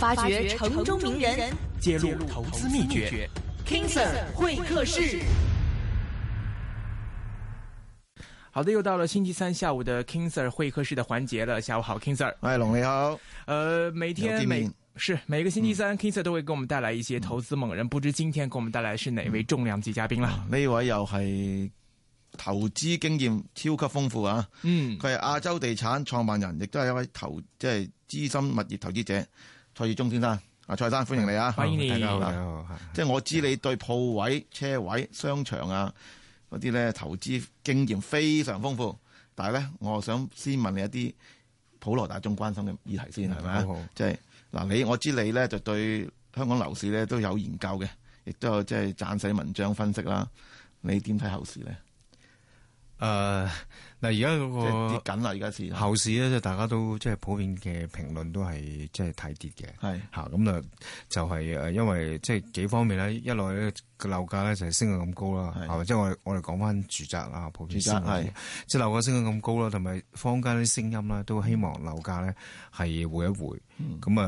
發掘城中名人，揭露投資秘訣。King Sir 會客室。好的，又到了星期三下午的 King Sir 會客室的環節了。下午好，King Sir，麥龍你好。呃，每天每是每個星期三、嗯、，King Sir 都會給我們帶來一些投資猛人。不知今天給我們帶來的是哪位重量級嘉賓了？呢、嗯嗯、位又係投資經驗超級豐富啊。嗯，佢係亞洲地產創辦人，亦都係一位投即係資深物業投資者。蔡志忠先生，啊蔡生，歡迎你啊！歡迎你。大家好，大家好。即係我知你對鋪位、車位、商場啊嗰啲咧投資經驗非常豐富，但係咧，我想先問你一啲普羅大眾關心嘅議題先，係咪好好？即係嗱，你我知你咧就對香港樓市咧都有研究嘅，亦都有即係撰寫文章分析啦。你點睇後市咧？誒、uh。嗱，而家嗰個跌緊啦，而家市後市咧，即係大家都即係普遍嘅評論都係即係睇跌嘅。係嚇是，咁啊、嗯、就係誒，因為即係幾方面咧，一來咧個樓價咧就係升到咁高啦，即係是、嗯就係、我我哋講翻住宅啊，普遍升。即係樓價升到咁高啦，同埋坊間啲聲音啦，都希望樓價咧係回一回。咁啊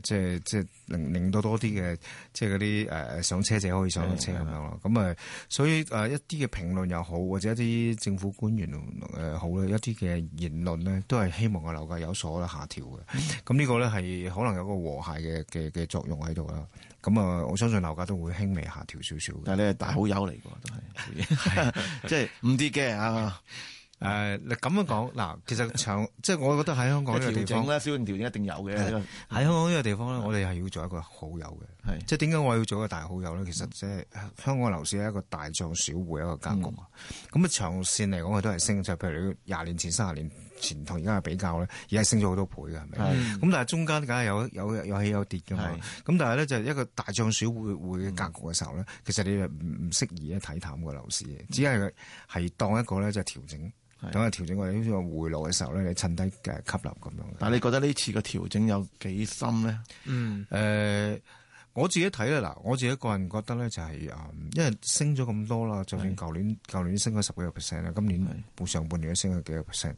誒，即係即係令令到多啲嘅即係嗰啲誒上車者可以上到車咁樣咯。咁啊，所以誒一啲嘅評論又好，或者一啲政府官員誒、呃，好咧！一啲嘅言論咧，都係希望個樓價有所下調嘅。咁、 嗯這個、呢個咧係可能有個和諧嘅嘅嘅作用喺度啦。咁啊，我相信樓價都會輕微下調少少嘅。但係你係大好友嚟嘅都係，即係唔跌嘅啊。 誒，嗱咁樣講，嗱，其實長即係我覺得喺香港呢個地方咧，調整一定有嘅。喺香港呢個地方咧，我哋係要做一個好友嘅。即係點解我要做一個大好友咧？其實即係香港樓市係一個大漲小回一個格局。咁啊，長線嚟講，佢都係升，就譬如你廿年前、三十年前同而家嘅比較咧，而家係升咗好多倍嘅，係咪？咁但係中間梗係有有有起有跌噶嘛。咁但係咧，就一個大漲小回回嘅格局嘅時候咧，其實你唔唔適宜咧睇淡個樓市嘅，只係係當一個咧就係調整。是等佢調整或好似個回落嘅時候咧，你趁低誒吸納咁樣。但係你覺得呢次嘅調整有幾深咧？嗯，誒、呃，我自己睇咧，嗱，我自己個人覺得咧、就是，就係啊，因為升咗咁多啦，就算舊年舊是年升咗十幾個 percent 咧，今年上半年都升咗幾個 percent。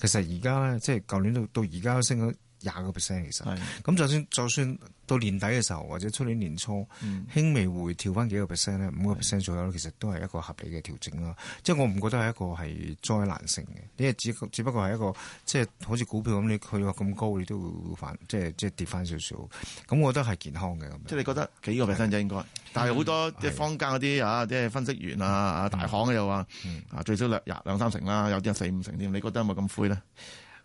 其實而家咧，即係舊年到到而家都升咗。廿個 percent 其實，咁是的 就算就算到年底嘅時候，或者出年年初、嗯、輕微回調翻幾個 percent 咧，五個 percent 左右是的 其實都係一個合理嘅調整啦。是的 即係我唔覺得係一個係災難性嘅，因為只只不過係一個即係好似股票咁，你去到咁高，你都會反即係即係跌翻少少。咁我覺得係健康嘅咁。即係你覺得幾個 percent 啫應該？是的 但係好多即係坊間嗰啲啊，即係是的 的分析員啊，大行又話啊最少兩兩三成啦，有啲又四五成添。你覺得有冇咁灰咧？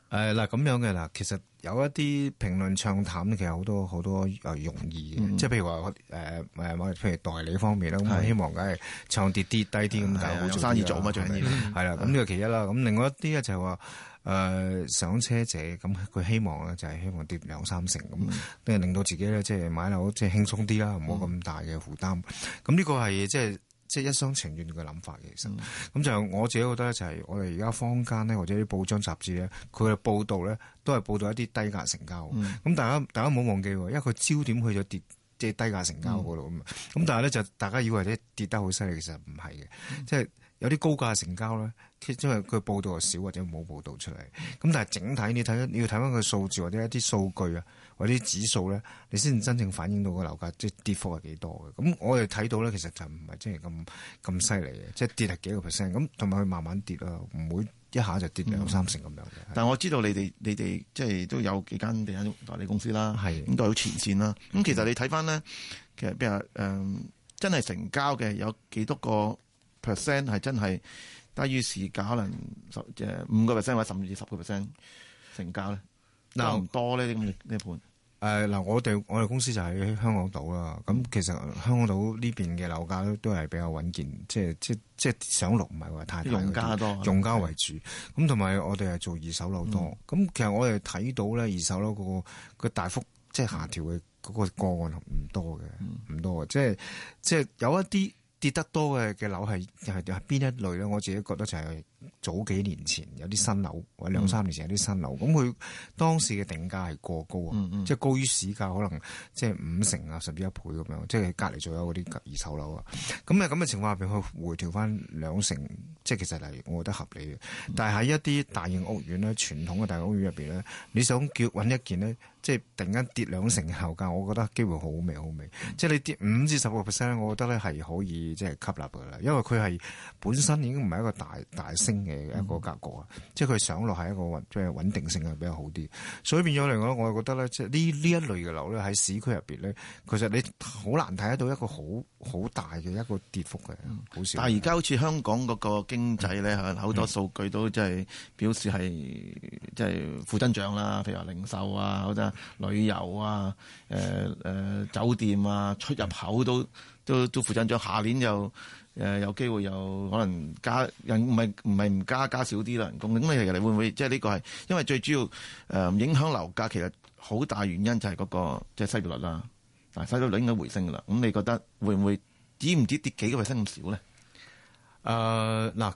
誒，嗱咁樣嘅，嗱，其實有一啲評論唱淡，其實好多好多誒容易嘅，嗯、即係譬如話，誒、呃、誒，譬如代理方面啦，咁的希望梗係唱跌跌低啲咁，的但係生意做嘛最緊要，係啦的，咁呢、 呢個其一啦，咁另外一啲咧就話、是、誒、呃、上車者，咁佢希望咧就係、是、希望跌兩三成咁，令、嗯嗯、令到自己咧即係買樓即係輕鬆啲啦，唔好咁大嘅負擔，咁呢、嗯呢個係即係。即係一相情願嘅諗法嘅，其實咁就我自己覺得就係我哋而家坊間咧，或者啲報章雜誌咧，佢嘅報導咧都係報導一啲低，嗯就是、低價成交。咁大家大家唔好忘記，因為佢焦點去咗跌即係低價成交嗰度咁。咁但係咧就大家以為咧跌得好犀利，其實唔係嘅，即係、嗯、有啲高價成交咧，因為佢報導少或者冇報導出嚟。咁但係整體你睇，你要睇翻佢數字或者一啲數據啊。嗰啲指數咧，你先真正反映到個樓價即係跌幅係幾多嘅？咁我哋睇到咧，其實就唔係真係咁咁犀利嘅，即係跌係幾個 percent 咁，同埋佢慢慢跌啊，唔會一下就跌兩、嗯、三成咁樣嘅。但係我知道你哋你哋即係都有幾間地產代理公司啦，咁的都有前線啦。咁、嗯、其實你睇翻咧，其實比如誒、呃，真係成交嘅有幾多個 percent 係真係低於市價，可能十誒五個 percent 或者甚至十個 percent 成交咧，嗱唔多呢啲咁嘅呢盤。Now, 誒，嗱、呃，我哋我哋公司就喺香港島啦。咁其實香港島呢邊嘅樓價都都係比較穩健，即係即即係上落唔係話太大，用家多，用家為主。咁同埋我哋係做二手樓多。咁、嗯、其實我哋睇到咧，二手樓，個個大幅即係下調嘅嗰個個案唔多嘅，唔、嗯、多。即係即係有一啲跌得多嘅嘅樓係係係邊一類咧？我自己覺得就係、是。早幾年前有啲新樓，或者、嗯、兩三年前有啲新樓，咁佢、嗯、當時嘅定價係過高啊，嗯嗯、即係高於市價可能即係五成啊，甚至一倍咁樣，即係、嗯、隔離仲有嗰啲二手樓啊。咁啊咁嘅情況下邊，佢回調翻兩成，即係其實係我覺得合理嘅。嗯、但係喺一啲大型屋苑咧，傳統嘅大型屋苑入邊咧，你想叫揾一件呢，即、就、係、是、突然間跌兩成嘅樓價，我覺得機會好微好微。即係、嗯、你跌五至十個 percent 我覺得咧係可以即係吸納嘅啦，因為佢係本身已經唔係一個大大。升嘅一個格局啊，嗯、即係佢上落係一個穩，即係穩定性係比較好啲，所以變咗嚟講，我係覺得咧，即係呢呢一類嘅樓咧，喺市區入邊咧，其實你好難睇得到一個好好大嘅一個跌幅嘅，好少、嗯。但係而家好似香港嗰個經濟咧好多數據都即係表示係即係負增長啦，譬如話零售啊、好多旅遊啊、誒、呃、誒、呃、酒店啊、出入口都都都負增長，下年又。誒有機會有可能加人，唔係唔係唔加，加少啲啦人工。咁你哋會唔會即係呢個係因為最主要誒、呃、影響樓價其實好大原因就係嗰、嗰個即係失業率啦，但係失業率應該回升噶啦，咁你覺得會唔會止唔止跌幾個 percent 咁少咧？誒嗱、呃。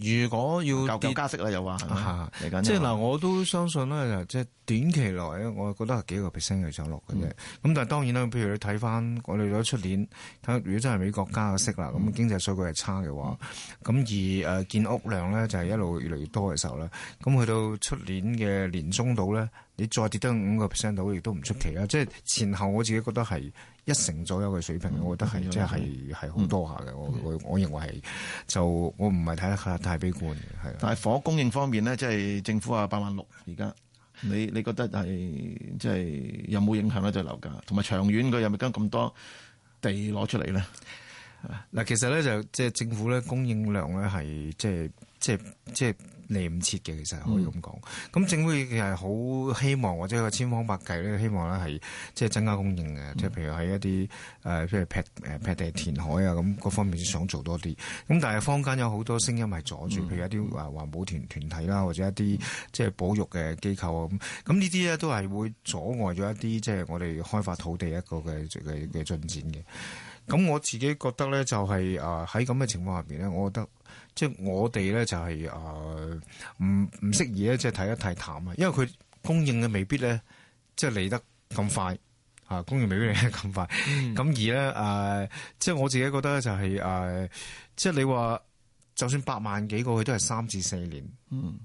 如果要加息啦，又話、啊，即係嗱，我都相信咧，就即係短期內，我覺得係幾個 percent 嚟上落嘅啫。咁、嗯、但係當然啦，譬如你睇翻我哋咗出年，睇下如果真係美國加息啦，咁經濟數據係差嘅話，咁、嗯嗯、而誒建屋量咧就係一路越嚟越多嘅時候咧，咁去到出年嘅年中度咧。你再跌得五個 percent 度，亦都唔出奇啦。即係前後，我自己覺得係一成左右嘅水平，嗯、我覺得係即係係係好多下嘅。嗯、我我我認為係就我唔係睇得太悲觀嘅，係。但係火供應方面咧，即係政府話八萬六，而家你你覺得係即係有冇影響咧？對、就、樓、是、價，同埋長遠佢有冇跟咁多地攞出嚟咧？嗱、嗯嗯嗯，其實咧就即、是、係政府咧供應量咧係即係即係即係。即嚟唔切嘅，其實可以咁講。咁政府其實好希望或者個千方百計咧，希望咧係即係增加供應嘅，即係、嗯、譬如喺一啲誒，即、呃、係劈地填海啊，咁各方面想做多啲。咁但係坊間有好多聲音係阻住，嗯、譬如一啲環保團團體啦，或者一啲即係保育嘅機構啊。咁咁呢啲咧都係會阻礙咗一啲即係我哋開發土地一個嘅嘅嘅進展嘅。咁我自己覺得咧、就係，就係啊喺咁嘅情況下邊咧，我覺得。即係我哋咧、就是，就係誒，唔唔適宜咧，即係睇得太淡啊！因為佢供應嘅未必咧，即係嚟得咁快吓、啊，供應未必嚟得咁快。咁、嗯、而咧誒、呃，即係我自己覺得咧、就是呃，就係誒，即係你話就算八萬幾個，佢都係三至四年，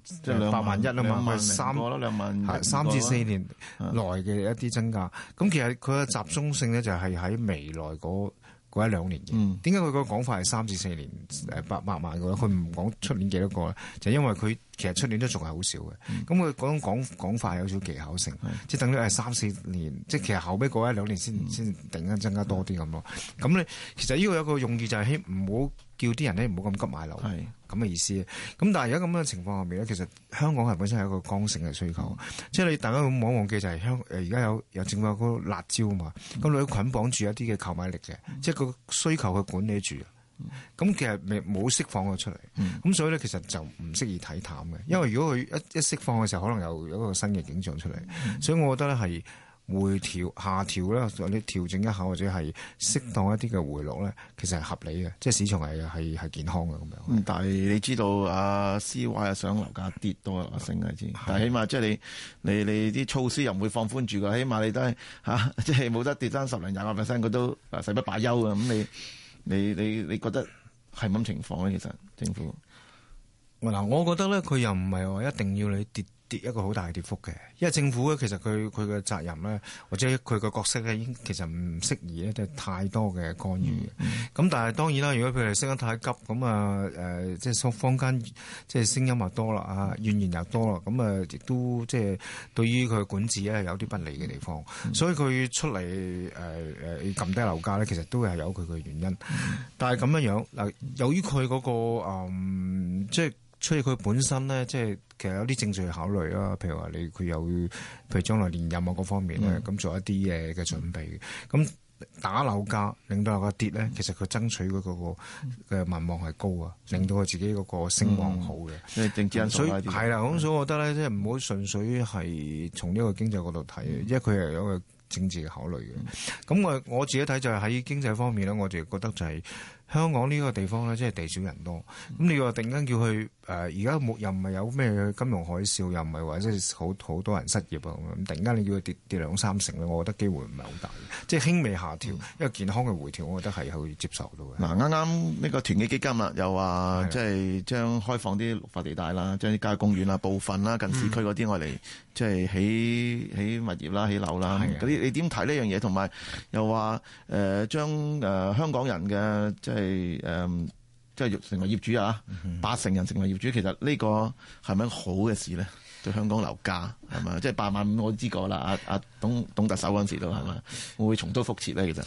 即係兩萬, 3, 兩萬一啊嘛，係三，兩萬，三至四年內嘅一啲增加。咁的其實佢嘅集中性咧，就係喺未來嗰。過一兩年嘅，點解佢個講法係三至四年誒八百萬嘅？佢唔講出年幾多個咧，就係、因為佢其實出年都仲係好少嘅。咁佢嗰種講講法有少技巧性，嗯、即係等於係三四年，嗯、即係其實後尾過一兩年先先突然間增加多啲咁咯。咁咧、嗯，其實呢個有一個用意就係唔好。叫啲人咧唔好咁急買樓，咁嘅是意思。咁但係而家咁樣嘅情況下面咧，其實香港係本身係一個剛性嘅需求，嗯、即係你大家唔好忘記就係香誒而家有有政府有個辣椒啊嘛，咁你捆綁住一啲嘅購買力嘅，嗯、即係個需求去管理住。咁其實未冇釋放咗出嚟，咁、嗯、所以咧其實就唔適宜睇淡嘅，因為如果佢一一釋放嘅時候，可能又有一個新嘅景象出嚟，嗯、所以我覺得咧係。回調、下調啦，或者調整一下，或者係適當一啲嘅回落咧，其實係合理嘅，即係市場係係係健康嘅咁樣。但係你知道啊，CY 又想樓價跌多落升嘅先。的但係起碼即係、就是、你你你啲措施又唔會放寬住嘅，起碼你都嚇即係冇得跌翻十零廿個 percent，佢都誓不罷休啊。咁 你你你你覺得係咁情況咧？其實政府嗱、嗯，我覺得咧，佢又唔係話一定要你跌。跌一個好大嘅跌幅嘅，因為政府咧其實佢佢嘅責任咧，或者佢嘅角色咧，已經其實唔適宜咧，即係太多嘅干預。咁、嗯、但係當然啦，如果佢哋升得太急，咁啊誒，即係坊間即係聲音又多啦，啊怨言又多啦，咁啊亦都即係對於佢嘅管治咧有啲不利嘅地方。嗯、所以佢出嚟誒誒撳低樓價咧，其實都係有佢嘅原因。嗯、但係咁樣樣嗱，由於佢嗰個即係雖然佢本身咧，即係。其實有啲政治嘅考慮啦，譬如話你佢有，譬如將來連任啊嗰方面咧，咁、嗯、做一啲嘢嘅準備。咁打樓價，令到樓價跌咧，其實佢爭取嗰、嗰個嘅民、嗯、望係高啊，令到佢自己嗰個聲望好嘅。政治、嗯嗯、所以係啦。咁、嗯、所以、嗯、對我覺得咧，即係唔好純粹係從呢個經濟角度睇，嗯、因為佢係有一個政治嘅考慮嘅。咁我、嗯嗯、我自己睇就係喺經濟方面咧，我哋覺得就係。香港呢個地方咧，即係地少人多。咁你話突然間叫佢誒，而家又唔係有咩金融海嘯，又唔係話即係好好多人失業啊咁、嗯。突然間你叫佢跌跌兩三成咧，我覺得機會唔係好大。即係輕微下調，嗯、一個健康嘅回調，我覺得係可以接受到嘅。嗱、嗯，啱啱呢個團結基金啊，又話即係將開放啲綠化地帶啦，將啲郊野公園啊、部分啦、近市區嗰啲我嚟即係起起物業啦、起樓啦啲，的你點睇呢樣嘢？同埋又話誒將誒香港人嘅係誒、嗯，即係成為業主啊，八成人成為業主，其實呢個係咪好嘅事呢？就香港樓價係嘛？即係八萬五，我知過啦。阿、啊、阿董董特首嗰陣時都係嘛，會唔會重蹈覆轍咧？其實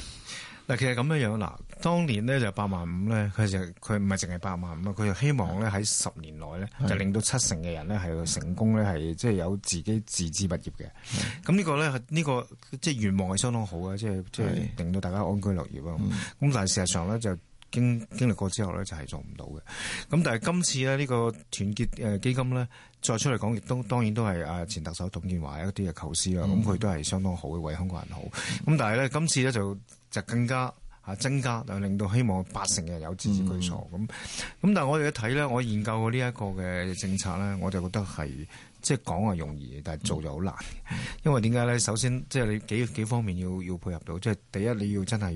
嗱，其實咁樣樣嗱，當年呢就八萬五咧，佢就佢唔係淨係八萬五啊，佢就希望咧喺十年內咧的就令到七成嘅人咧係成功咧係即係有自己自置物業嘅。咁的呢、這個咧呢個即係願望係相當好啊，即係即係令到大家安居樂業啊。咁的但係事實上咧就。經經歷過之後咧，就係、是、做唔到嘅。咁但係今次咧呢個團結誒基金咧，再出嚟講，亦都當然都係啊前特首董建華一啲嘅構思啦。咁佢、嗯、都係相當好，嘅，為香港人好。咁但係咧今次咧就就更加吓增加，令到希望八成嘅人有支持舉措。咁咁、嗯、但係我哋一睇咧，我研究過呢一個嘅政策咧，我就覺得係即係講係容易，但係做就好難。嗯、因為點解咧？首先即係你幾幾方面要要配合到，即係第一你真要真係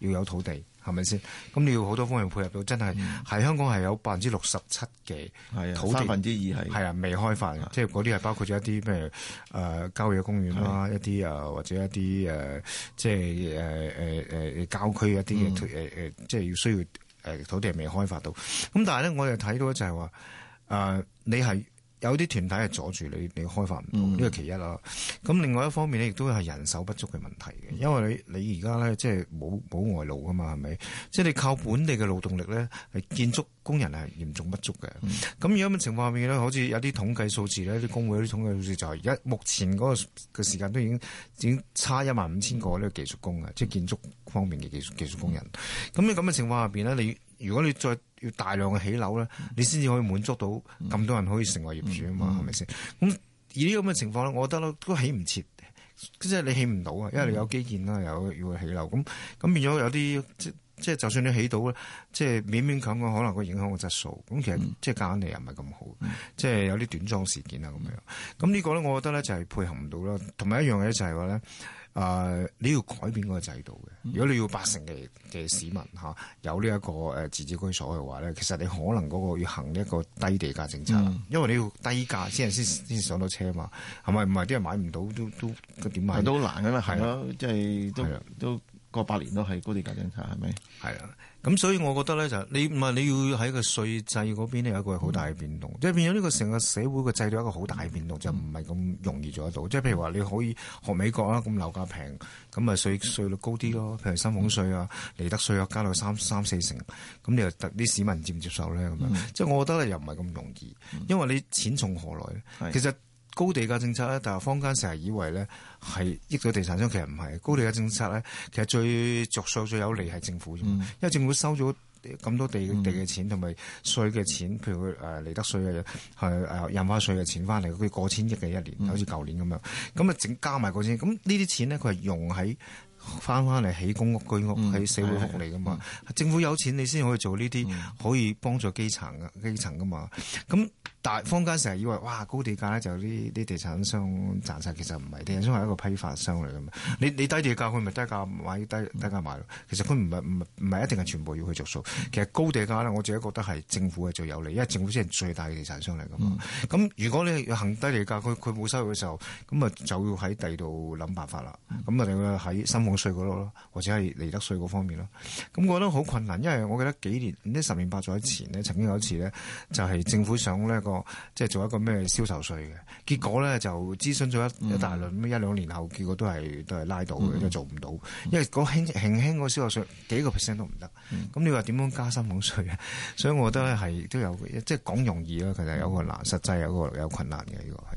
要要有土地。係咪先？咁你要好多方面配合到，真係喺、嗯、香港係有百分之六十七嘅土地，三分之二係係啊，未開發嘅，即係嗰啲係包括咗一啲咩誒郊野公園啦，的一啲啊或者一啲誒即係誒誒誒郊區一啲嘅誒誒，即係要需要誒、呃、土地未開發到。咁但係咧，我又睇到就係話誒，你係。有啲團體係阻住你，你開發唔到，呢個、嗯、其一啦。咁另外一方面咧，亦都係人手不足嘅問題嘅，因為你你而家咧即係冇冇外勞㗎嘛，係咪？即係你靠本地嘅勞動力咧，係建築工人係嚴重不足嘅。咁如果咁嘅情況下面咧，好似有啲統計數字咧，啲工會啲統計數字就係而家目前嗰個嘅時間都已經已經差一萬五千個呢個技術工嘅，嗯、即係建築方面嘅技術技術工人。咁你咁嘅情況下邊咧，你？如果你再要大量嘅起樓咧，你先至可以滿足到咁多人可以成為業主啊嘛，係咪先？咁以呢咁嘅情況咧，我覺得都起唔切，即係你起唔到啊，因為你有基建啦，有要起樓咁，咁變咗有啲即即係就算你起到咧，即係勉勉強講，可能會影響個質素。咁其實即係隔硬又唔係咁好，即係有啲短裝事件啊咁樣。咁呢個咧，我覺得咧就係配合唔到啦。同埋一樣嘢就係話咧。誒、呃、你要改變嗰個制度嘅，如果你要八成嘅嘅市民嚇、啊、有呢一個誒自置居所嘅話咧，其實你可能嗰個要行一個低地價政策，嗯、因為你要低價先先先上到車啊嘛，係咪唔係啲人買唔到，都都點買都難㗎喇，係咯，即係都都。過八年都係高地價政策，係咪？係啊，咁所以我覺得咧就是、你唔係你要喺個稅制嗰邊咧有一個好大嘅變動，即係、嗯、變咗呢個成個社會嘅制度一個好大嘅變動，嗯、就唔係咁容易做得到。即係、嗯、譬如話你可以學美國啦，咁樓價平，咁啊稅稅率高啲咯，譬如薪俸稅啊、利、嗯、得稅啊，加到三三四成，咁你又特啲市民接唔接受咧？咁樣即係我覺得又唔係咁容易，嗯、因為你錢從何來其實。高地價政策咧，但係坊間成日以為咧係益咗地產商，其實唔係。高地價政策咧，其實最著數最有利係政府啫。嗯、因為政府收咗咁多地、嗯、地嘅錢同埋稅嘅錢，譬如誒利、呃、得稅嘅，係誒印花稅嘅錢翻嚟，佢過千億嘅一年，好似舊年咁樣。咁啊整加埋過千億，咁呢啲錢咧，佢係用喺翻翻嚟起公屋居屋，喺、嗯、社會福利噶嘛。政府有錢，你先可以做呢啲可以幫助基層嘅基層噶嘛。咁。但係坊間成日以為哇，高地價咧，就呢啲地產商賺晒，其實唔係，地產商係一個批發商嚟㗎嘛。你你低地價佢咪低價買低低價賣咯。其實佢唔係唔唔係一定係全部要去著數。其實高地價咧，我自己覺得係政府係最有利，因為政府先係最大嘅地產商嚟㗎嘛。咁如果你行低地價，佢佢冇收入嘅時候，咁啊就要喺第二度諗辦法啦。咁啊，你喺薪俸稅嗰度咯，或者係利得稅嗰方面咯。咁我覺得好困難，因為我記得幾年呢，十年八載前呢，曾經有一次呢，就係政府想呢。即係做一個咩銷售稅嘅，結果咧就諮詢咗一大輪，一兩年後結果都係都係拉倒嘅，都做唔到，因為嗰輕輕輕個銷售稅幾個 percent 都唔得，咁、嗯、你話點樣加薪俸稅咧？所以我覺得咧係都有，即係講容易啦，其實有個難，實際有個有，個有個困難嘅呢、這個係。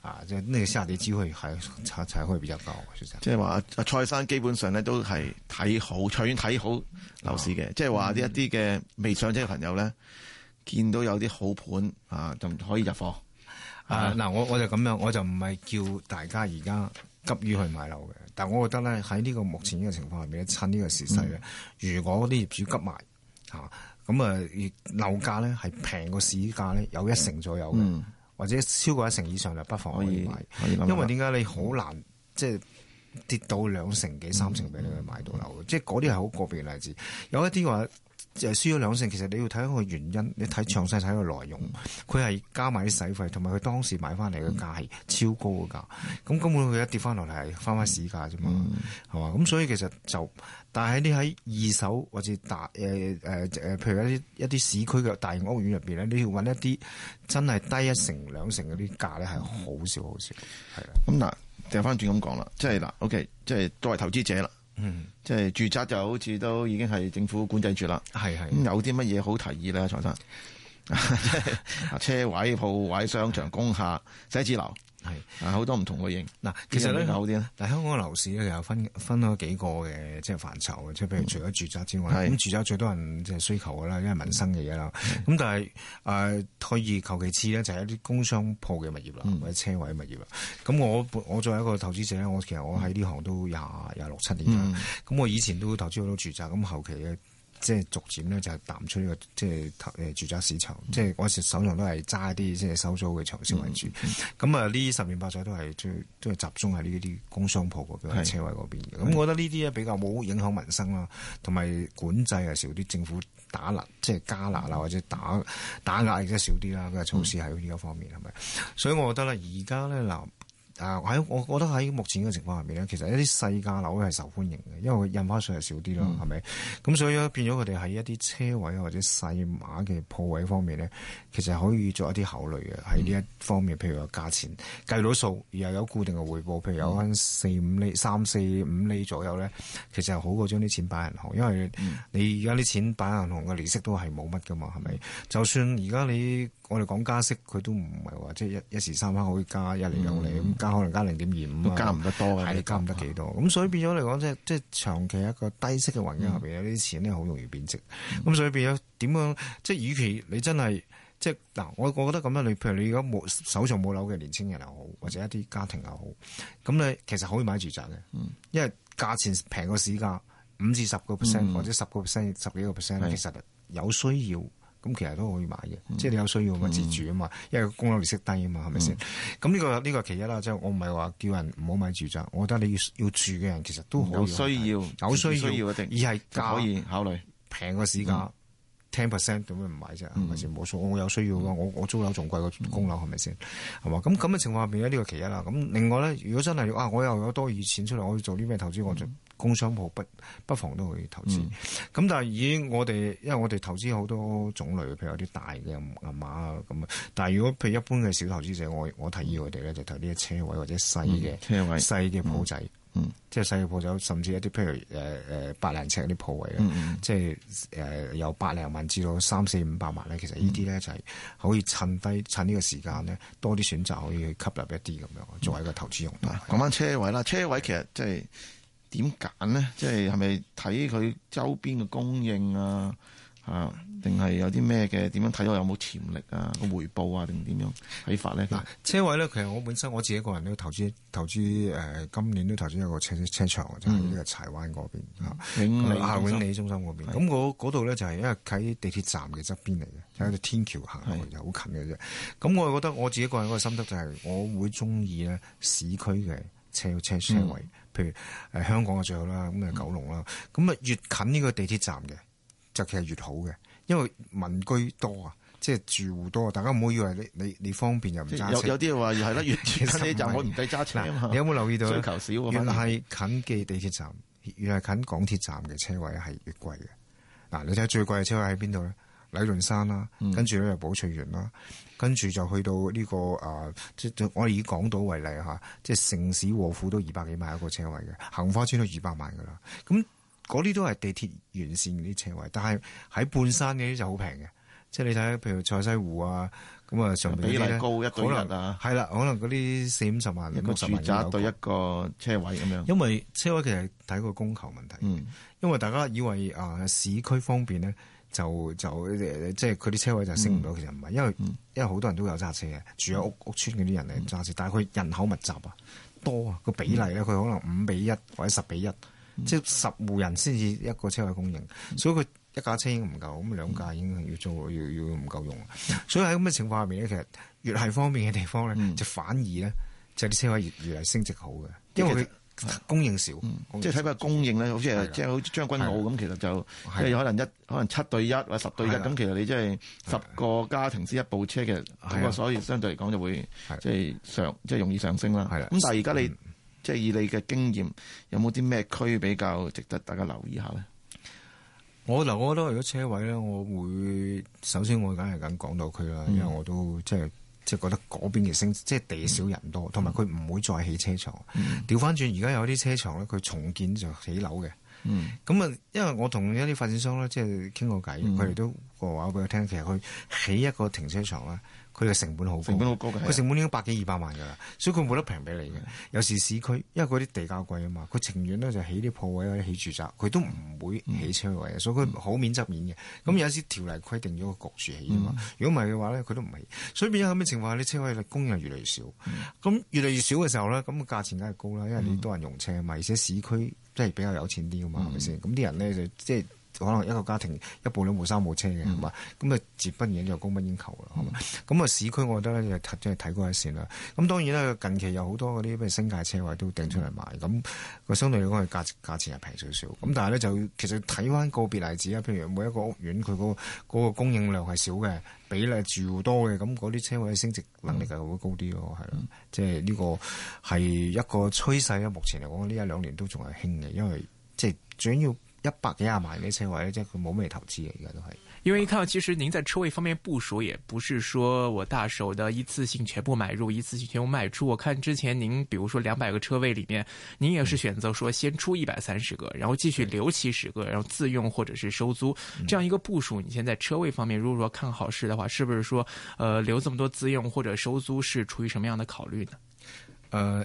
啊！即係呢個下跌機會係才踩可以比較高，即係話阿蔡生基本上咧都係睇好，蔡院睇好樓市嘅。即係話啲一啲嘅未上車嘅朋友咧，見到有啲好盤啊，就可以入貨。啊！嗱、啊啊，我我就咁樣，我就唔係叫大家而家急於去買樓嘅。但我覺得咧，喺呢個目前呢個情況下面，趁呢個時勢咧，嗯、如果啲業主急賣，啊，咁啊，樓價咧係平過市價咧有一成左右嘅。嗯或者超過一成以上就不妨可以買，可以，因為點解你好難吧即係跌到兩成幾三成俾你去買到樓？嗯、即係嗰啲係好個別嘅例子，有一啲話。就係輸咗兩成，其實你要睇一個原因，你睇詳細睇個內容。佢係加埋啲使費，同埋佢當時買翻嚟嘅價係超高嘅價，咁根本佢一跌翻落嚟，翻翻市價啫嘛，係嘛、嗯？咁所以其實就，但係你喺二手或者大誒誒誒，譬如一啲一啲市區嘅大型屋苑入邊咧，你要揾一啲真係低一成兩成嗰啲價咧，係好少好少。係啊、嗯，咁嗱的，掉翻轉咁講啦，即係嗱，OK，即係作為投資者啦。嗯，即係住宅就好似都已經係政府管制住啦。係係是，咁、嗯、有啲乜嘢好提議咧，蔡生？ 車位、鋪位、商場、工廈、寫字樓。係好多唔同類型。嗱，其實咧，但係香港嘅樓市咧又分分咗幾個嘅，即係範疇，即係譬如除咗住宅之外，咁、嗯、住宅最多人即係需求噶啦，因為民生嘅嘢啦。咁、嗯、但係誒，退而求其次咧，就係一啲工商鋪嘅物業啦，嗯、或者車位物業啦。咁我我作為一個投資者，我其實我喺呢行都廿廿六七年啦。咁、嗯、我以前都投資好多住宅，咁後期咧。即係逐漸咧就係淡出呢、這個即係誒住宅市場，嗯、即係我時手上都係揸啲即係收租嘅長線為主。咁啊、嗯，呢十年八載都係最都係集中喺呢啲工商鋪嗰邊、車位嗰邊嘅。咁是我覺得呢啲咧比較冇影響民生啦，同埋管制係少啲，政府打壓即係加壓啊，嗯、或者打打壓亦都少啲啦嘅措施喺呢一方面係咪、嗯？所以我覺得咧，而家咧嗱。啊，喺我覺得喺目前嘅情況下面，咧，其實一啲細價樓係受歡迎嘅，因為佢印花稅係少啲咯，係咪、嗯？咁所以變咗佢哋喺一啲車位或者細碼嘅鋪位方面咧，其實可以做一啲考慮嘅。喺呢一方面，譬如話價錢計到數，而又有固定嘅回報，譬如有翻四五厘、三四五厘左右咧，其實好過將啲錢擺銀行，因為你而家啲錢擺銀行嘅利息都係冇乜噶嘛，係咪？就算而家你。我哋講加息，佢都唔係話即係一時三刻可以加，一厘兩厘咁、嗯、加，可能加零點二五，加唔得多，係加唔得幾多。咁、嗯、所以變咗嚟講，即係即係長期一個低息嘅環境下邊，有啲錢咧好容易貶值。咁、嗯、所以變咗點樣？即係與其你真係即係嗱，我我覺得咁樣。你譬如你如果冇手上冇樓嘅年青人又好，或者一啲家庭又好，咁你其實可以買住宅嘅，嗯、因為價錢平過市價五至十個 percent 或者十個 percent 十幾個 percent，其實有需要。咁其實都可以買嘅，嗯、即係你有需要咪自住啊嘛，嗯、因為供樓利息低啊嘛，係咪先？咁呢、嗯、個呢個其一啦，即、就、係、是、我唔係話叫人唔好買住宅，我覺得你要要住嘅人其實都好需要有需要，有需要一定，而係可以考慮平個市價。嗯 ten percent 做咩唔買啫？係咪先冇錯？嗯、我有需要嘅，我我租樓仲貴過供樓係咪先？係嘛？咁咁嘅情況下邊咧？呢個其一啦。咁另外咧，如果真係啊，我又有多餘錢出嚟，我要做啲咩投資？嗯、我就工商鋪不不，不妨都去投資。咁、嗯、但係以我哋，因為我哋投資好多種類，譬如有啲大嘅銀碼啊咁啊。但係如果譬如一般嘅小投資者，我我提議佢哋咧就投啲車位或者細嘅車位細嘅鋪仔。嗯 okay, right, 嗯嗯，即係細嘅鋪走，甚至一啲譬如誒誒百零尺嗰啲鋪位咧，嗯、即係誒、呃、由百零萬至到三四五百萬咧，其實呢啲咧、嗯、就係可以趁低趁呢個時間咧多啲選擇可以去吸入一啲咁樣，作為一個投資用。講翻車位啦，車位其實即係點揀咧？即係係咪睇佢周邊嘅供應啊？啊，定係有啲咩嘅？點樣睇我有冇潛力啊？個回報啊，定點樣睇法咧？嗱，車位咧，其實我本身我自己個人都投資投資誒、呃，今年都投資一個車車場，就喺、是、呢個柴灣嗰邊啊，永利中心嗰邊。咁我嗰度咧就係因為喺地鐵站嘅側邊嚟嘅，喺條的天橋行又好近嘅啫。咁、那個、我覺得我自己個人嗰個心得就係、是，我會中意咧市區嘅車車車位，嗯、譬如誒、呃、香港嘅最好啦，咁啊九龍啦，咁啊、嗯嗯、越近呢個地鐵站嘅。就其實越好嘅，因為民居多啊，即係住戶多啊，大家唔好以為你你你方便又唔揸車。有啲話係咯，遠 車站我唔計揸車你有冇留意到咧？需求少，越係近嘅地鐵站，越係 近港鐵站嘅車位係越貴嘅。嗱，你睇下最貴嘅車位喺邊度咧？禮頓山啦，跟住咧又寶翠園啦，跟住就去到呢、這個誒、呃，即係我以港島為例嚇，即係城市和府都二百幾萬一個車位嘅，杏花村都二百萬噶啦，咁。嗰啲都係地鐵沿線啲車位，但係喺半山嘅啲就好平嘅，即係你睇譬如賽西湖啊，咁啊上邊可能比樓高一可能啊，係啦，可能嗰啲四五十萬、五十萬一個住宅對一個車位咁樣。嗯、因為車位其實睇個供求問題，嗯、因為大家以為啊、呃、市區方面咧就就、呃、即係佢啲車位就升唔到，嗯、其實唔係，因為、嗯、因為好多人都有揸車嘅，住喺屋屋村嗰啲人嚟揸車，但係佢人口密集多啊，多啊個比例咧，佢可能五比一或者十比一。即係十戶人先至一個車位供應，所以佢一架車已經唔夠，咁兩架已經要做，要要唔夠用。所以喺咁嘅情況下面咧，其實越係方便嘅地方咧，就反而咧就啲車位越越係升值好嘅，因為佢供應少，即係睇佢供應咧，好似即係好似將軍澳咁，其實就即係可能一可能七對一或十對一，咁其實你即係十個家庭先一部車嘅，咁啊，所以相對嚟講就會即係上即係容易上升啦。係啦。咁但係而家你。即係以你嘅經驗，有冇啲咩區比較值得大家留意下咧？我嗱，我覺得如果車位咧，我會首先我梗係咁講到佢啦，嗯、因為我都即係即係覺得嗰邊嘅升，即係地少人多，同埋佢唔會再起車場。調返轉，而家有啲車場咧，佢重建就起樓嘅。嗯，咁啊，因為我同一啲發展商咧，即係傾過偈，佢哋、嗯、都話俾我聽，其實佢起一個停車場咧，佢嘅成本好高，佢成，成本已經百幾二百萬噶啦，所以佢冇得平俾你嘅。是的 有時市區，因為嗰啲地價貴啊嘛，佢情願咧就起啲鋪位或者起住宅，佢都唔會起車位、嗯、所以佢好免執面嘅。咁、嗯、有時條例規定咗個局住起啊嘛，如果唔係嘅話咧，佢都唔起。所以變咗咁嘅情況下，你車位嘅供應越嚟越少，咁、嗯、越嚟越少嘅時候咧，咁個價錢梗係高啦，因為你多人用車啊嘛，而且市區都係比較有錢啲噶嘛，係咪先？咁啲人咧就即係。可能一個家庭一部兩部三部車嘅，係嘛、嗯嗯？咁啊，接不應就供不應求啦，係嘛？咁啊，市區我覺得咧，就真係睇嗰一線啦。咁當然啦，近期有好多嗰啲，譬如升價車位都掟出嚟賣，咁個相對嚟講，佢價價錢係平少少。咁但係咧，就其實睇翻個別例子啊，譬如每一個屋苑佢嗰個供應量係少嘅，比例住多嘅，咁嗰啲車位升值能力就會高啲咯，係咯。嗯、即係呢個係一個趨勢啊。目前嚟講，呢一兩年都仲係興嘅，因為即係主要。一百幾廿萬啲車位，即係佢冇咩投資啊！而家都係，因為一看到其實您在車位方面部署，也不是說我大手的一次性全部買入，一次性全部賣出。我看之前您，比如說兩百個車位裡面，您也是選擇說先出一百三十個，然後繼續留七十個，然後自用或者是收租，這樣一個部署。你現在車位方面，如果說看好市的話，是不是說，呃，留這麼多自用或者收租，是出於什麼樣的考慮呢？呃。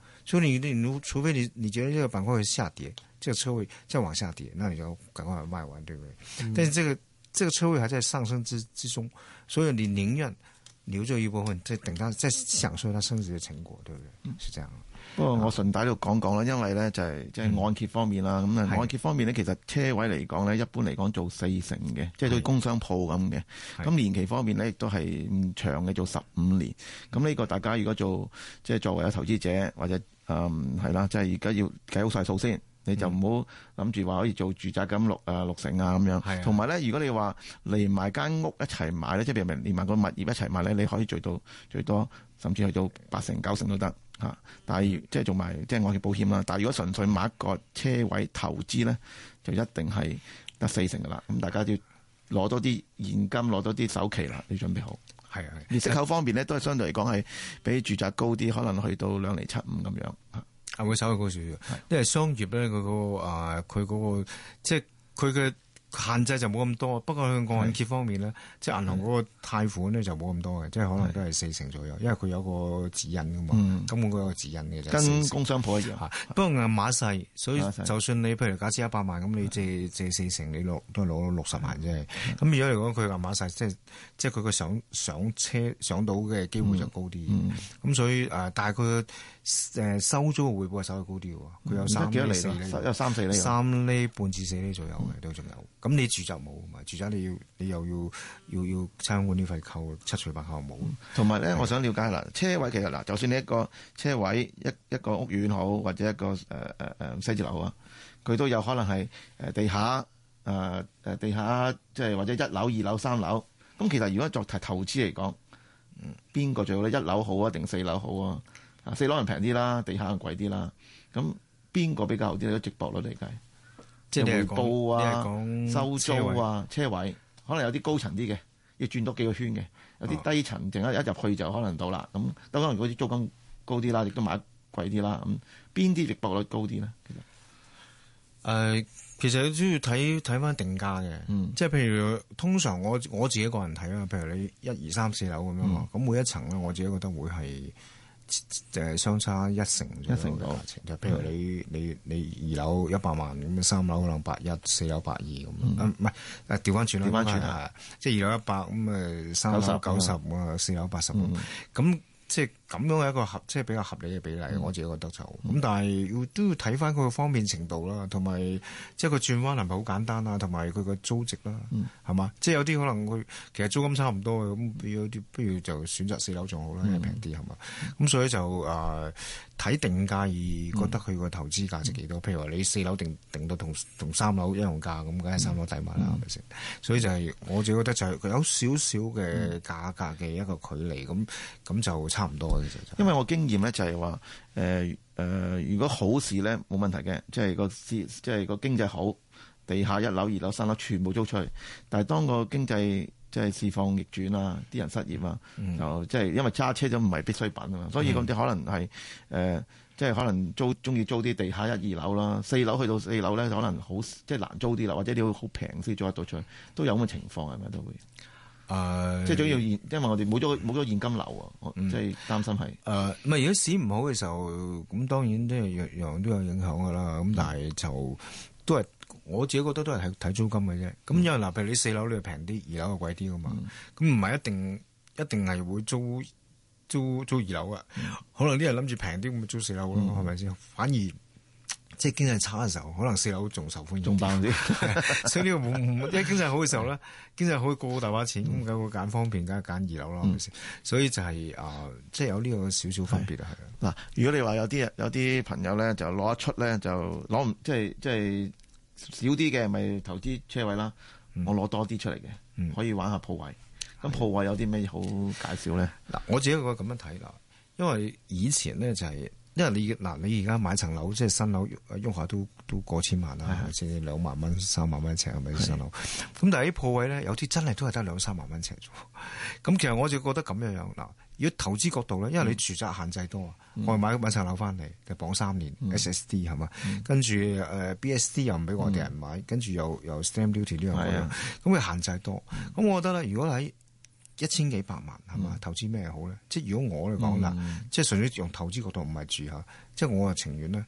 就你你如除非你你覺得這個板塊會下跌，這個車位再往下跌，那你就趕快把賣完，對不對？嗯、但係這個這個車位還在上升之之中，所以你寧願留住一部分，再等它再享受它升值嘅成果，對不對？嗯，是這樣。不過、嗯、我順帶都講講啦，因為咧就係即係按揭方面啦，咁啊、嗯、按揭方面咧其實車位嚟講咧，一般嚟講做四成嘅，即係對工商鋪咁嘅。咁是的、嗯、年期方面咧亦都係長嘅，做十五年。咁呢個大家如果做即係作為咗投資者或者，嗯，係啦，即係而家要計好曬數先，嗯、你就唔好諗住話可以做住宅金六啊六成啊咁樣。同埋咧，如果你話連埋間屋一齊買咧，即係譬如連埋個物業一齊買咧，你可以做到最多甚至去到八成九成都得嚇、嗯。但係即係做埋即係我嘅保險啦。但係如果純粹買一個車位投資咧，就一定係得四成噶啦。咁大家要攞多啲現金，攞多啲首期啦，你準備好。係啊，而息口方面咧，都係相對嚟講係比住宅高啲，可能去到兩厘七五咁樣嚇，係會稍微高少少，的因為商業咧佢、嗰個啊佢嗰個即係佢嘅。限制就冇咁多，不過佢按揭方面咧，即係銀行嗰個貸款咧就冇咁多嘅，即係可能都係四成左右，因為佢有個指引噶嘛，根本有個指引嘅，跟工商舖一樣。不過銀碼細，所以就算你譬如假設一百萬咁，你借借四成，你攞都係攞六十萬啫。咁如果嚟講，佢銀碼細，即係即係佢個上上車上到嘅機會就高啲。咁所以誒，但係佢。誒收租嘅回報係稍微高啲喎，佢有三釐四釐，有三四厘、三厘半至四厘左右嘅都仲有。咁你住就冇啊，住宅你要你又要又要要參觀啲費扣七除八扣冇。同埋咧，呢是的 我想了解嗱，車位其實嗱，就算你一個車位一一個屋苑好，或者一個誒誒誒寫字樓啊，佢都有可能係誒地下誒誒地下即係或者一樓、二樓、三樓。咁其實如果作題投資嚟講，邊個最好咧？一樓好啊，定四樓好啊？四樓人平啲啦，地下人貴啲啦。咁邊個比較好啲咧？值博率嚟計，即係回報、uh, 啊，收租啊，車位可能有啲高層啲嘅要轉多幾個圈嘅，有啲低層淨係一入去就可能到啦。咁都可能嗰啲租金高啲啦，亦都賣貴啲啦。咁邊啲值博率高啲咧？誒，其實你主要睇睇翻定價嘅，即係譬如通常我我自己個人睇啦，譬如你一二三四樓咁樣啊，咁每一層咧，我自己覺得會係。就係相差一成一成嘅價錢，就譬如你你你二樓一百萬咁，三樓可能八一，四樓八二咁，唔係，誒調翻轉啦，調翻轉啊！即係二樓一百咁誒，三樓九十啊，四樓八十咁，咁即係。就是咁樣嘅一個合，即係比較合理嘅比例，嗯、我自己覺得就咁。嗯、但係要都要睇翻佢個方便程度啦，同埋即係佢轉彎係咪好簡單啊，同埋佢個租值啦，係嘛、嗯？即係有啲可能佢其實租金差唔多嘅，咁有啲不如就選擇四樓仲好啦，平啲係嘛？咁、嗯、所以就誒睇、呃、定價而覺得佢個投資價值幾多？嗯、譬如話你四樓定定到同同三樓一樣價，咁梗係三樓抵買啦，係咪先？嗯、所以就係我自己覺得就係佢有少少嘅價格嘅一個距離，咁咁就差唔多。因為我經驗咧就係、是、話，誒、呃、誒、呃，如果好事咧冇問題嘅，即係個市，即係個經濟好，地下一樓、二樓、三樓全部租出去。但係當個經濟即係市況逆轉啦、啊，啲人失業啦、啊，嗯、就即係因為揸車就唔係必需品啊，所以咁就可能係誒、呃，即係可能租中意租啲地下一二樓啦，四樓去到四樓咧可能好即係難租啲啦，或者你要好平先租得到出去，都有咁嘅情況係咪都會？誒，呃、即係總要現，因為我哋冇咗冇咗現金流啊，嗯、即係擔心係。誒、呃，唔係如果市唔好嘅時候，咁當然都係樣樣都有影響噶啦。咁但係就都係我自己覺得都係睇租金嘅啫。咁因為嗱，譬如你四樓你係平啲，二樓啊貴啲噶嘛。咁唔係一定一定係會租租,租租租二樓啊。嗯、可能啲人諗住平啲咁咪租四樓咯，係咪先？反而。即係經濟差嘅時候，可能四樓仲受歡迎，仲爆啲。所以呢個冇冇。一經濟好嘅時候咧， 經濟好個個大把錢，咁梗、嗯、會揀方便，梗係揀二樓咯，咁嘅事。所以就係、是、啊，即、呃、係、就是、有呢個少少分別啊，係是。嗱，如果你話有啲有啲朋友咧，就攞得出咧，就攞唔即係即係少啲嘅，咪、就是就是就是、投資車位啦。我攞多啲出嚟嘅，嗯、可以玩下鋪位。咁鋪的位有啲咩好介紹咧？嗱， 我自己個咁樣睇啦，因為以前咧就係、是。因為你嗱，你而家買層樓即係新樓，喐下都都過千萬啦，先兩、啊、萬蚊、三萬蚊一尺係咪新樓？咁、啊、但係啲鋪位咧，有啲真係都係得兩三萬蚊一尺啫。咁 其實我就覺得咁樣樣嗱，如果投資角度咧，因為你住宅限制多啊，嗯、我哋買一層樓翻嚟，就綁三年 SSD, S、嗯、S D 係嘛，跟住誒 B S D 又唔俾外地人買，嗯、跟住又又 stamp duty 呢樣嗰樣，咁佢、啊、限制多。咁、嗯、我覺得咧，如果喺一千幾百萬係嘛？嗯、投資咩好咧？即係如果我嚟講啦，嗯、即係純粹用投資角度，唔係住嚇。即係我啊，情願咧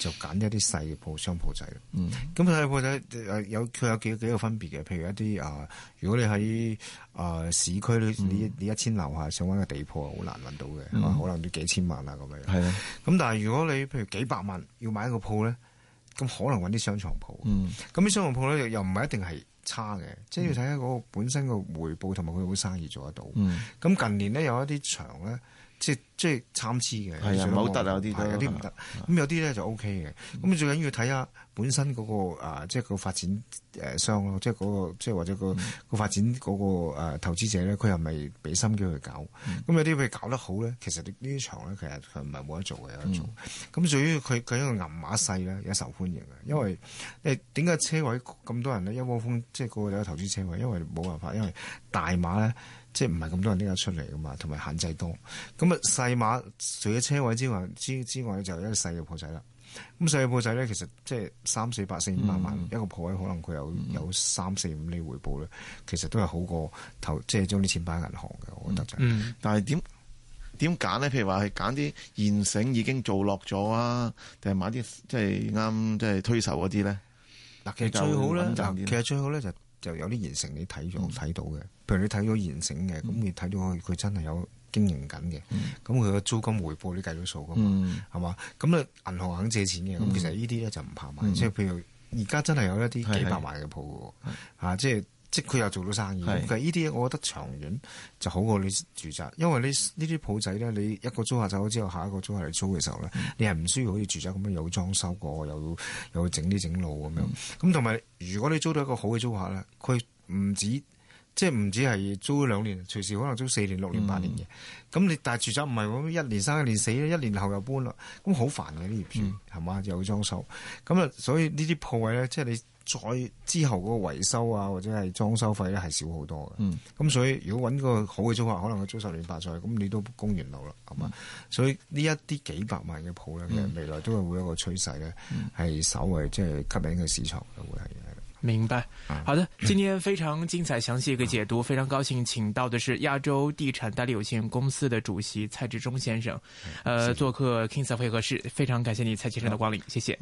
就揀一啲細鋪商鋪仔。咁細鋪仔有佢有幾幾個分別嘅，譬如一啲啊、呃，如果你喺啊、呃、市區呢呢一,一千樓下想揾個地鋪，好難揾到嘅，嗯、可能都幾千萬啊咁樣。係咁是的 但係如果你譬如幾百萬要買一個鋪咧，咁可能揾啲商場鋪、嗯。咁啲商場鋪咧又又唔係一定係。差嘅，即係要睇下嗰本身嘅回報同埋佢有生意做得到。咁、嗯、近年咧有一啲場咧。即即參差嘅，係啊的，冇得啊，行有啲的有啲唔得，咁有啲咧就 O K 嘅。咁最緊要睇下本身嗰、那個啊、呃、即、那個發展誒商咯，即嗰個即或者個個發展嗰個投資者咧，佢又咪俾心機去搞。咁、嗯、有啲佢搞得好咧，其實呢啲場咧，其實佢唔係冇得做嘅，有得做。咁、嗯、至於佢佢一個銀碼細咧，而受歡迎嘅，因為誒點解車位咁多人咧？一窩蜂即個個都有投資車位，因為冇辦法，因為大碼咧。即係唔係咁多人拎得出嚟噶嘛，同埋限制多。咁啊細碼除咗車位之外，之之外就係一個細嘅鋪仔啦。咁細嘅鋪仔咧，其實即係三四百、四五百萬一個鋪位，可能佢有、嗯、有三四五釐回報咧。其實都係好過頭即係將啲錢擺喺銀行嘅，我覺得、就係嗯。嗯。但係點點揀咧？譬如話係揀啲現成已經做落咗啊，定係買啲即係啱即係推售嗰啲咧？嗱，其實最好咧，其實最好咧就係。就有啲現成你，你睇咗睇到嘅，譬如你睇咗現成嘅，咁你睇到佢佢真係有經營緊嘅，咁佢嘅租金回報你計咗數噶嘛，係嘛、嗯？咁咧銀行肯借錢嘅，咁、嗯、其實呢啲咧就唔怕買，即係、嗯、譬如而家真係有一啲幾百萬嘅鋪嘅喎，即係、嗯。啊即係即佢又做到生意，呢啲對我覺得長遠就好過你住宅，因為呢啲鋪仔咧，你一個租客走咗之後，下一個租客嚟租嘅時候咧，mm. 你係唔需要好似住宅咁樣有裝修過，又有整啲整路咁樣。咁同埋如果你租到一個好嘅租客咧，佢唔止即係唔止係租兩年，隨時可能租四年、六年、八年嘅。咁你、嗯、但係住宅唔係咁，一年生一年死，一年後又搬啦，咁好煩嘅呢啲業主係嘛？又、嗯、裝修咁啊、就是，所以呢啲鋪位咧，即係你。再之後嗰個維修啊，或者係裝修費咧，係少好多嘅。嗯，咁所以如果揾個好嘅租客，可能佢租十年八載，咁你都供完樓啦，咁啊，嗯、所以呢一啲幾百萬嘅鋪咧，未來都係會有一個趨勢咧，係、嗯、稍微即係吸引嘅市場嘅會係明白。好的，今天非常精彩詳細嘅解讀，嗯、非常高興請到的是亞洲地產代理有限公司嘅主席蔡志忠先生，嗯、呃，做客 King Sir 會客室，非常感謝你蔡先生嘅光臨，謝謝。